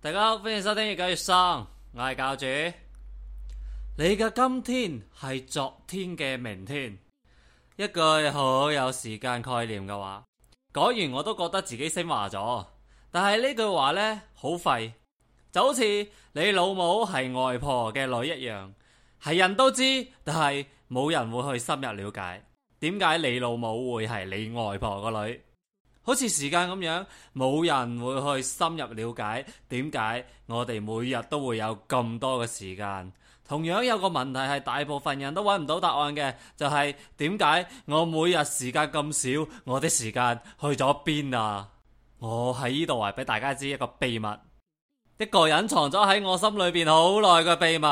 大家好，歡迎收聽《越教越生》，我係教主。你嘅今天係昨天嘅明天，一句好有時間概念嘅話。講完我都覺得自己升華咗，但係呢句話呢，好廢，就好似你老母係外婆嘅女一樣，係人都知，但係冇人會去深入了解點解你老母會係你外婆個女？好似時間咁樣，冇人會去深入了解點解我哋每日都會有咁多嘅時間。同樣有個問題係大部分人都揾唔到答案嘅，就係點解我每日時間咁少，我的時間去咗邊啊？我喺呢度話俾大家知一個秘密，一個隱藏咗喺我心裏邊好耐嘅秘密。